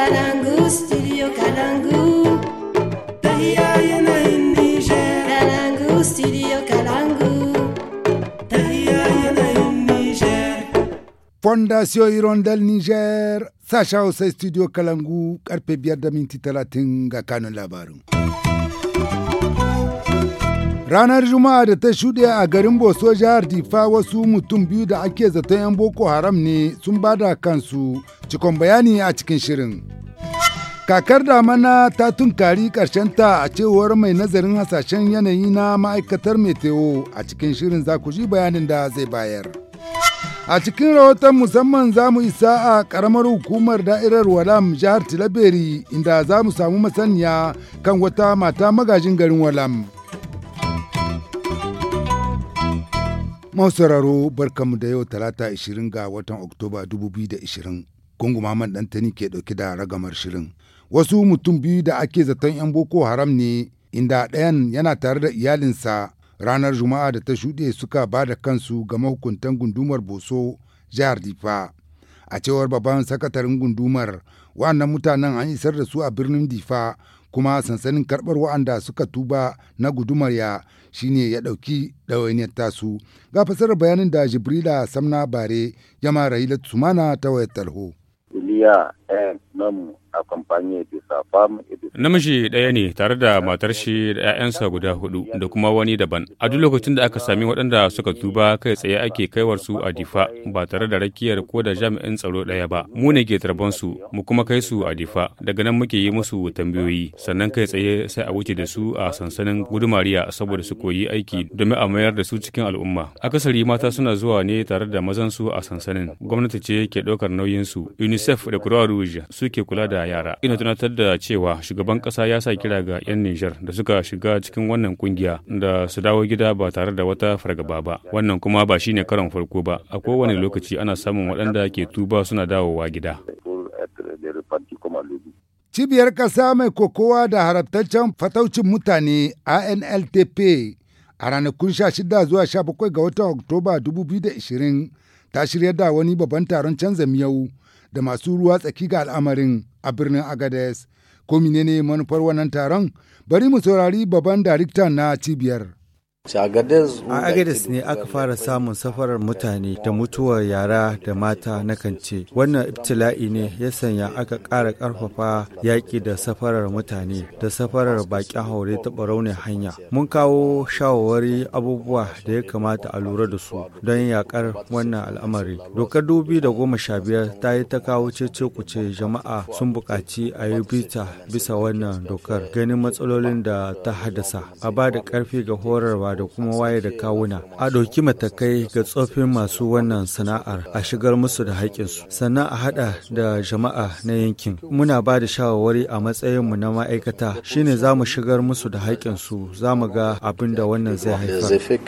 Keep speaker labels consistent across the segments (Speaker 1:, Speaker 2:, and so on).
Speaker 1: Kalangu, studio Kalangu. yanayin Kalangu, studio Kalangu. yanayin Fondation Hirondelle Niger, Sasha Hausa Studio Kalangu, karfe biyar da minti talatin ga kanun labarin. Ranar Juma'a da ta shuɗe a garin Boso jihar Difa wasu mutum biyu da ake zaton 'yan Boko Haram ne sun bada kansu cikon bayani a cikin shirin. Kakar damana ta tunkari ta a cewar mai nazarin hasashen yanayi na ma'aikatar meteo a cikin shirin za ku ji bayanin da zai bayar. A cikin rahoton musamman za mu isa a ƙaramar hukumar da'irar Walam jihar Tilaberi inda za mu samu masaniya kan wata mata magajin garin Walam. masauraro barkamu da yau talata 20 ga watan oktoba 2020 gunguma man 'dantani ke ɗauki da ragamar shirin wasu mutum biyu da ake zaton 'yan boko haram ne inda ɗayan yana tare da iyalinsa ranar juma'a da ta shuɗe suka ba da kansu ga mahukuntan gundumar boso jihar difa a cewar babban sakataren gundumar wa'annan mutanen an isar da su a birnin difa kuma sansanin karɓar wa'anda suka tuba na gudumar ya shine ya ɗauki ɗawainiyar tasu ga fasarar bayanin da jibrila samna bare ya mara sumana ta wayar talho.
Speaker 2: iliya eh, namu Namiji daya ne tare da matar shi da 'ya'yansa guda hudu da kuma wani daban. A duk lokacin da aka sami waɗanda suka tuba kai tsaye ake kaiwar su a difa ba tare da rakiyar ko da jami'in tsaro ɗaya ba. Mu ne ke tarban su mu kuma kai su a difa daga nan muke yi musu tambayoyi sannan kai tsaye sai a wuce da su a sansanin gudumariya saboda su koyi aiki domin a mayar da su cikin al'umma. Akasari mata suna zuwa ne tare da mazan su a sansanin. Gwamnati ce ke ɗaukar nauyin su. UNICEF da Croix Rouge suke kula da da yara. Ina tunatar da cewa shugaban kasa ya sa kira ga 'yan Nijar da suka shiga cikin wannan kungiya da su dawo gida ba tare da wata fargaba ba. Wannan kuma ba shine karon farko ba. A kowane lokaci ana samun waɗanda ke tuba suna dawowa gida.
Speaker 1: Cibiyar kasa mai kokowa da harabtaccen fataucin mutane ANLTP a ranakun 16 zuwa sha bakwai ga watan Oktoba 2020 ta shirya da wani babban taron canza miyau da masu ruwa tsaki ga al'amarin a birnin Agades. Ko ne manufar wannan taron? Bari mu saurari babban darikta na cibiyar.
Speaker 2: A
Speaker 3: Agadez ne aka fara samun safarar mutane da mutuwar yara da mata na kance. Wannan ibtila'i ne ya sanya aka ƙara ƙarfafa yaƙi da safarar mutane da safarar baƙin haure ta ɓaraunin hanya. Mun kawo shawarwari abubuwa da ya kamata a lura da su don yaƙar wannan al'amari. Dokar dubi da goma sha biyar ta yi ta kawo cece kuce jama'a sun buƙaci a yi bita bisa wannan dokar ganin matsalolin da ta haddasa. A ba da ƙarfi ga horarwa da kuma waye da kawuna a ɗauki matakai ga tsofin masu wannan sana'ar a shigar musu da haƙƙinsu sannan a haɗa da jama'a na yankin muna ba da shawarwari a matsayinmu na ma'aikata shine za mu shigar musu da haƙƙinsu za mu ga abin da wannan zai haifar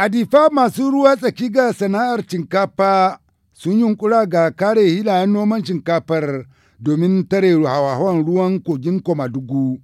Speaker 1: Adifa masu ruwa tsaki ga sana'ar shinkafa sun yunkura ga kare hilayen noman shinkafar domin tare hawa-hawan ruwan kogin Komadugu.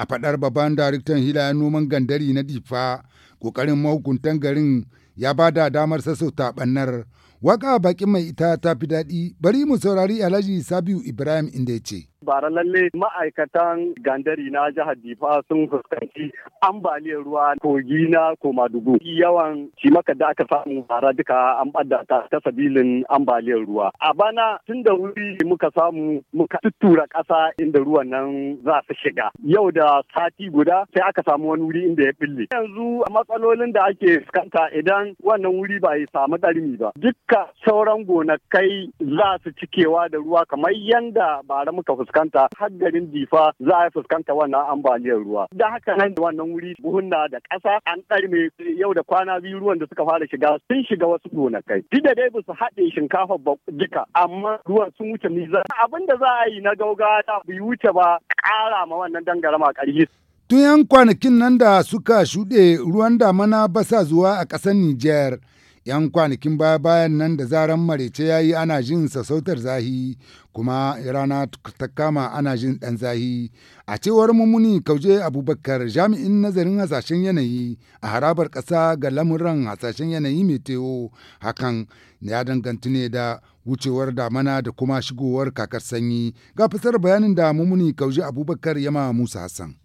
Speaker 1: a faɗar babban daraktan hilayen noman gandari na difa ƙoƙarin mahukuntan garin ya ba da damar sassauta ɓannar Waka bakin mai ita ta fi daɗi, bari mu saurari Alhaji Sabiu Ibrahim inda ya ce.
Speaker 3: bara lalle ma'aikatan gandari na jihar difa sun fuskanci ambaliyar ruwa kogi na dubu yawan cimaka da aka samu bara duka an bada ta sabilin ambaliyar ruwa a bana tun da wuri muka samu muka tuttura ƙasa inda ruwan nan za su shiga yau da sati guda sai aka samu wani wuri inda ya bille yanzu matsalolin da ake fuskanta idan wannan wuri ba ya samu ɗarmi ba duk duka sauran gonakai za su cikewa da ruwa kamar yanda bara muka fuskanta har garin difa za a fuskanta wannan ambaliyar ruwa da haka nan wannan wuri buhunna da ƙasa an ɗarme yau da kwana biyu ruwan da suka fara shiga sun shiga wasu gonakai duk da dai ba su haɗe shinkafa ba duka amma ruwan sun wuce nisa abin da za a yi na gaugawa bai wuce ba ƙara ma wannan dangarama ƙarfi
Speaker 1: Tun yan kwanakin nan da suka shuɗe ruwan damana basa zuwa a ƙasar Nijar, 'yan kwanakin baya-bayan nan da zaran marece ya yi ana jin sassautar zahi kuma rana ta kama ana jin ɗan zahi a cewar mummuni kauje abubakar jami'in nazarin hasashen yanayi a harabar ƙasa ga lamuran hasashen yanayi mai teo hakan ya dangantu ne da wucewar damana da kuma shigowar kakar sanyi ga fasar bayanin da mummuni kauje abubakar yama musa hassan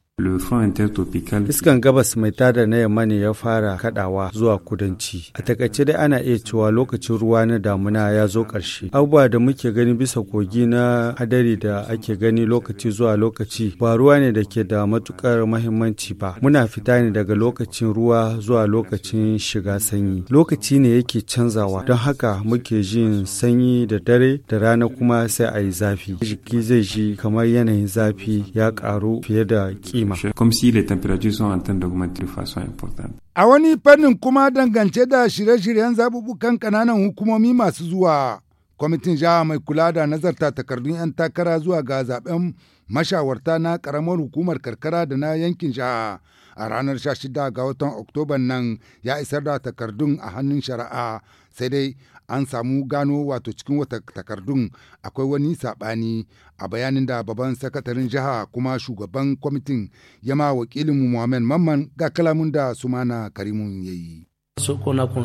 Speaker 3: Iskan gabas mai tada na yamma ne ya fara kadawa zuwa kudanci. A takaice dai ana iya cewa lokacin ruwa na damuna ya zo ƙarshe. Abubuwa da muke gani bisa kogi na hadari da ake gani lokaci zuwa lokaci ba ruwa ne da ke da matukar mahimmanci ba. Muna fita ne daga lokacin ruwa zuwa lokacin shiga sanyi. Lokaci ne yake canzawa don haka muke jin sanyi da dare da rana kuma sai a yi zafi. Jiki zai ji kamar yanayin zafi ya ƙaru fiye da
Speaker 2: ƙi climat.
Speaker 1: A wani fannin kuma dangance da shirye-shiryen zaɓuɓɓukan ƙananan hukumomi masu zuwa, kwamitin jiha mai kula da nazarta takardun 'yan takara zuwa ga zaɓen mashawarta na karamar hukumar karkara da na yankin jiha a ranar 16 ga watan Oktoban nan ya isar da takardun a hannun shari'a sai dai an samu gano wato cikin wata takardun akwai wani saɓani a bayanin da babban sakatarin jiha kuma shugaban kwamitin yama wakilin muhammad mamman ga kalamun da sumana karimun ya yi.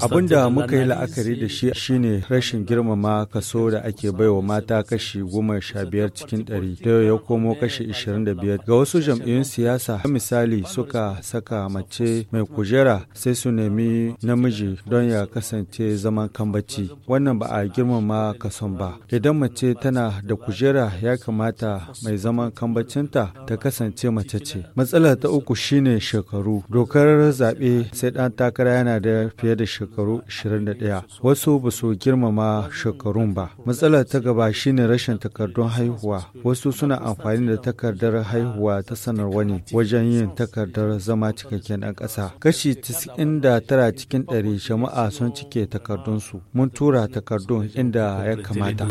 Speaker 3: Abin da muka yi la'akari da shi shine rashin girmama kaso da ake baiwa mata kashi goma sha biyar cikin ɗari da ya komo kashi ishirin da biyar. Ga wasu jam'iyyun siyasa, misali suka saka mace mai kujera sai su nemi namiji don ya kasance zaman kambaci. Wannan ba a girmama kason ba. Idan mace tana da kujera ya kamata mai zaman kambacinta ta kasance mace ce. Matsala ta uku shine shekaru. Dokar zaɓe sai ɗan takara yana da fiye da shekaru 21 wasu ba su girmama shekarun ba matsalar ta gaba shine rashin takardun haihuwa wasu suna amfani da takardar haihuwa ta sanarwa ne wajen yin takardar zama cikakken ɗan ƙasa kashi 99 cikin 100 jama'a sun cike takardunsu mun tura takardun inda ya kamata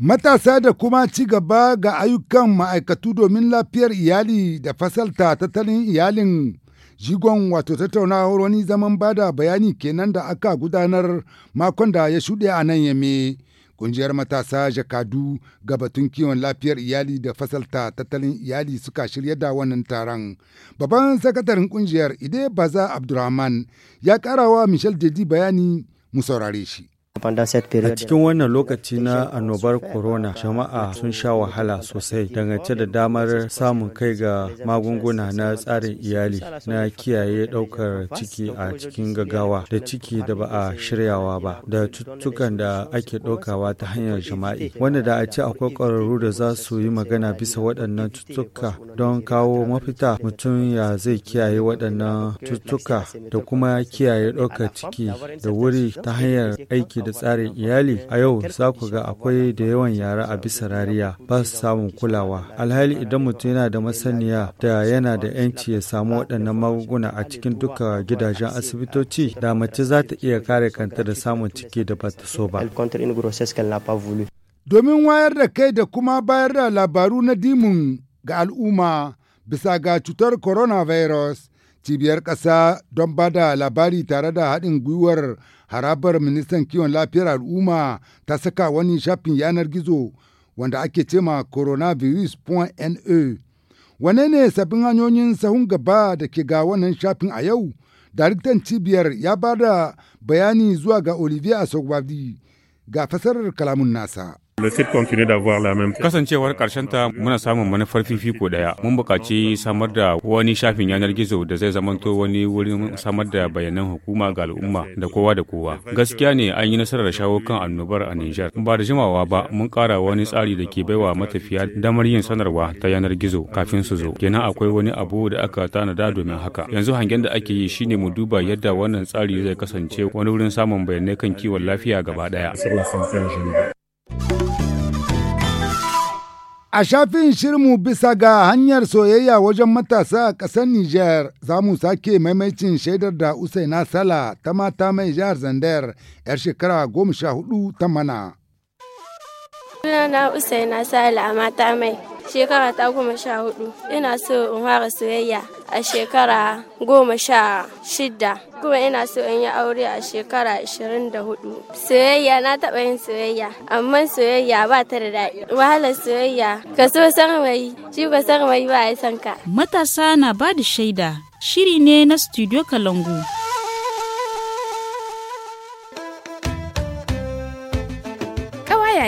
Speaker 1: Matasa da kuma ci gaba ga ayyukan ma'aikatu domin lafiyar iyali da fasalta tattalin iyalin Jigon wato tattaunawar wani zaman bada bayani kenan da aka gudanar makon da ya shuɗe a nan ya yame. Kungiyar matasa jakadu ga batun kiwon lafiyar iyali da fasalta tattalin iyali suka shirya da wannan taron. Babban sakataren kungiyar Ide Baza Abdurrahman ya karawa Michel Dedi bayani mu
Speaker 3: saurare shi. A cikin wannan lokaci na annobar corona, jama'a sun sha wahala sosai dangance da damar samun kai ga magunguna na tsarin iyali na kiyaye ɗaukar ciki a cikin gaggawa da ciki da ba a shiryawa ba da cututtukan da ake ɗaukawa ta hanyar jama'i. Wanda da a ce akwai ƙwararru da za su yi magana bisa waɗannan cututtuka don kawo mafita mutum ya zai kiyaye waɗannan cututtuka da kuma kiyaye ɗaukar ciki da wuri ta hanyar aiki da da tsarin iyali a yau za ku ga akwai da yawan yara a bisa rariya ba su samun kulawa alhali idan mutum yana da masaniya da yana da yanci ya samu waɗannan magunguna a cikin duka gidajen asibitoci da mace za ta iya kare kanta da samun ciki da ba ta so ba domin wayar da kai da kuma
Speaker 1: bayar da labaru na dimun ga al'umma bisa ga cutar coronavirus cibiyar ƙasa don ba da labari tare da haɗin gwiwar harabar ministan kiwon lafiyar al'umma ta saka wani shafin yanar gizo wanda ake cema coronavirus.ne wane ne sabbin hanyoyin sahun gaba da ke ga wannan shafin a yau daliktan cibiyar ya ba da bayani zuwa ga olivier asogbadi ga fasarar kalamun nasa
Speaker 2: Kasancewar karshen ta muna samun manufar fifiko daya. Mun bukaci samar da wani shafin yanar gizo da zai zamanto wani wurin samar da bayanan hukuma ga al'umma da kowa da kowa. Gaskiya ne an yi nasarar shawo kan annobar a niger Ba da jimawa ba mun ƙara wani tsari da ke baiwa matafiya damar yin sanarwa ta yanar gizo kafin su zo. Kenan akwai wani abu da aka tanada domin haka. Yanzu hangen da ake yi shine mu duba yadda wannan tsari zai kasance wani wurin samun bayanai kan kiwon lafiya gaba daya.
Speaker 1: A shafin shirmu bisa ga hanyar soyayya wajen matasa a ƙasar Nijar za mu sake maimacin shaidar da Usaina Sala ta mata mai jihar Zandar 'yar shekara goma sha hudu ta mana.
Speaker 2: Sunana Usaina Sala mata mai shekara ta goma sha hudu ina so in fara soyayya a shekara goma sha shida kuma ina so in yi aure a shekara ashirin da hudu soyayya na taɓa yin soyayya amma soyayya ba ta da daɗi wahalar soyayya ka so san mai shi ba san mai ba a san ka
Speaker 1: matasa na ba da shaida shiri ne na studio kalangu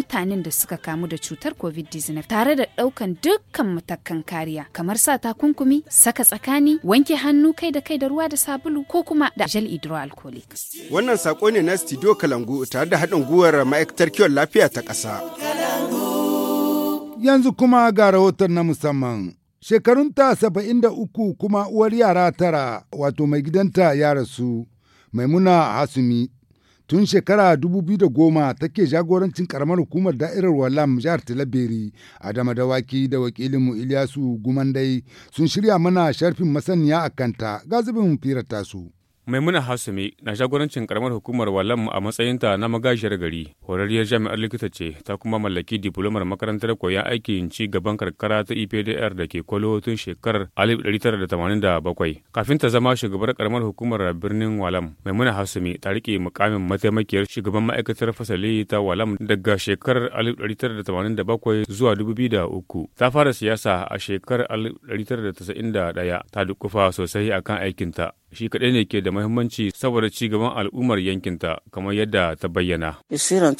Speaker 1: mutanen da suka kamu da cutar covid-19 tare da ɗaukan dukkan matakan kariya kamar sa takunkumi saka tsakani wanke hannu kai da kai da ruwa da sabulu ko kuma da gel hydroalcoholic wannan sako ne na studio kalangu tare da haɗin gwiwar ma'aikatar kiwon lafiya ta ƙasa yanzu kuma ga rahoton na musamman shekarunta saba'in da uku kuma uwar yara tara wato mai gidanta ya rasu maimuna hasumi tun shekara 2010 take jagorancin karamar hukumar da'irar walam jihar talabiri adama dawaki da wakilinmu iliyasu gumandai sun shirya mana sharfin masaniya a kanta gazibin firar tasu.
Speaker 2: Maimuna Hasumi na jagorancin karamar hukumar Walam a matsayinta na magajiyar gari. Horarriyar jami'ar likita ce ta kuma mallaki diplomar makarantar koyon aikin ci gaban karkara ta EPDR da ke kwalo tun shekarar 1987. Kafin ta zama shugabar karamar hukumar birnin Walam, Maimuna Hasumi ta rike mukamin mataimakiyar shugaban ma'aikatar fasali ta Walam daga shekarar 1987 zuwa 2003. Ta fara siyasa a shekarar 1991 ta dukufa sosai akan aikinta. shi kaɗai ne ke da mahimmanci saboda ci gaban al'ummar yankinta kamar yadda ta bayyana.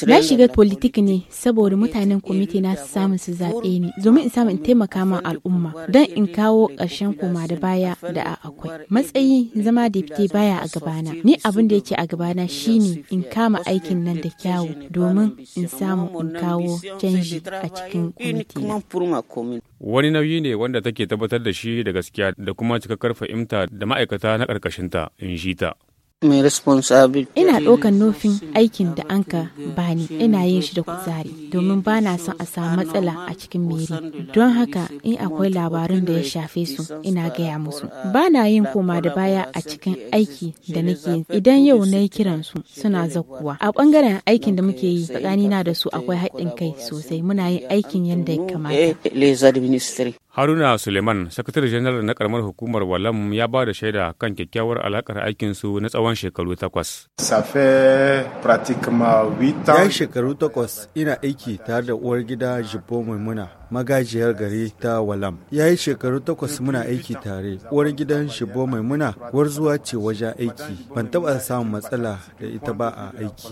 Speaker 2: Na shiga
Speaker 1: politik ne saboda mutanen kwamiti na su samu su zaɓe ni domin in samu in taimaka ma al'umma don in kawo ƙarshen koma da baya da a akwai. Matsayi zama da dipte baya a gabana. Ni abin da yake a gabana shine in kama aikin nan da kyawu domin in samu in kawo canji a cikin
Speaker 3: kwamiti.
Speaker 2: Wani nauyi ne wanda take tabbatar da shi da gaskiya da kuma cikakkar fahimta da ma'aikata na ƙarƙashinta in ji ta. Ina
Speaker 1: ɗaukar nufin aikin da an ka bani ina yin shi da kuzari domin ba na son a samu matsala a cikin meri. Don haka in akwai labarun da ya shafe su ina gaya musu. Ba na yin koma da baya a cikin aiki da nake Idan yau na yi kiransu suna zakuwa. A ɓangaren aikin da muke yi tsakanina da su akwai haɗin kai sosai muna yin aikin yadda ya kamata. Eh,
Speaker 2: Haruna Suleiman, sakatare janar na karamar hukumar Walam ya ba da shaida kan kyakkyawar alakar aikinsu na tsawon shekaru takwas.
Speaker 3: Ya yi shekaru takwas ina aiki tare da uwar gida Jibbo Maimuna magajiyar gari ta Walam. Ya yi shekaru takwas muna aiki tare, uwar gidan Jibo Maimuna warzuwa ce wajen aiki, ban taɓa samun matsala da ita ba a aiki.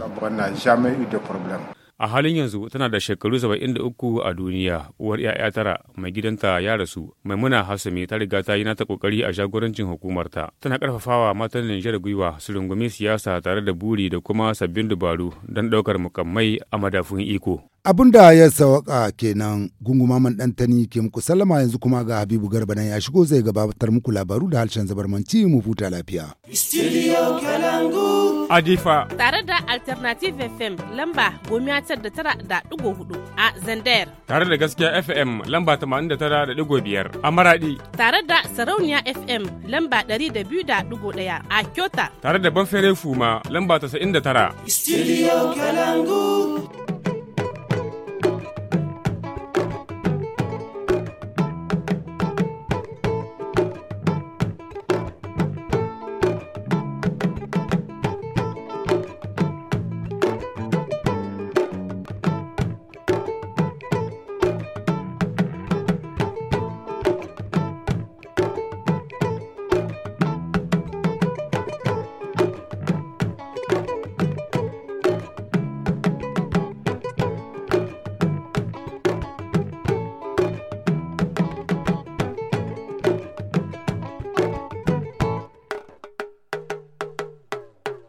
Speaker 2: a halin yanzu tana da shekaru 73 a duniya uwar 'ya'ya tara mai gidanta ya rasu maimuna hasumi ta riga ta yi nata kokari a jagorancin hukumarta tana karfafawa matan nijar gwiwa su rungumi siyasa tare da buri da kuma sabbin dabaru don daukar mukammai a madafun iko
Speaker 1: abin da ya sawaka kenan gunguma man tani ke muku sallama yanzu kuma ga habibu garba nan ya shigo zai gabatar muku labaru da harshen zabarmanci
Speaker 2: mu futa lafiya
Speaker 1: Adifa. Tare da Alternative FM lamba gomiya 99.4 a Zandayar.
Speaker 2: Tare da gaskiya FM lamba 89.5 a Maradi.
Speaker 1: Tare da Sarauniya FM lamba 200.1 a Kyota.
Speaker 2: Tare da Banfere Fuma lamba 99.
Speaker 1: Studio
Speaker 3: Kalangu.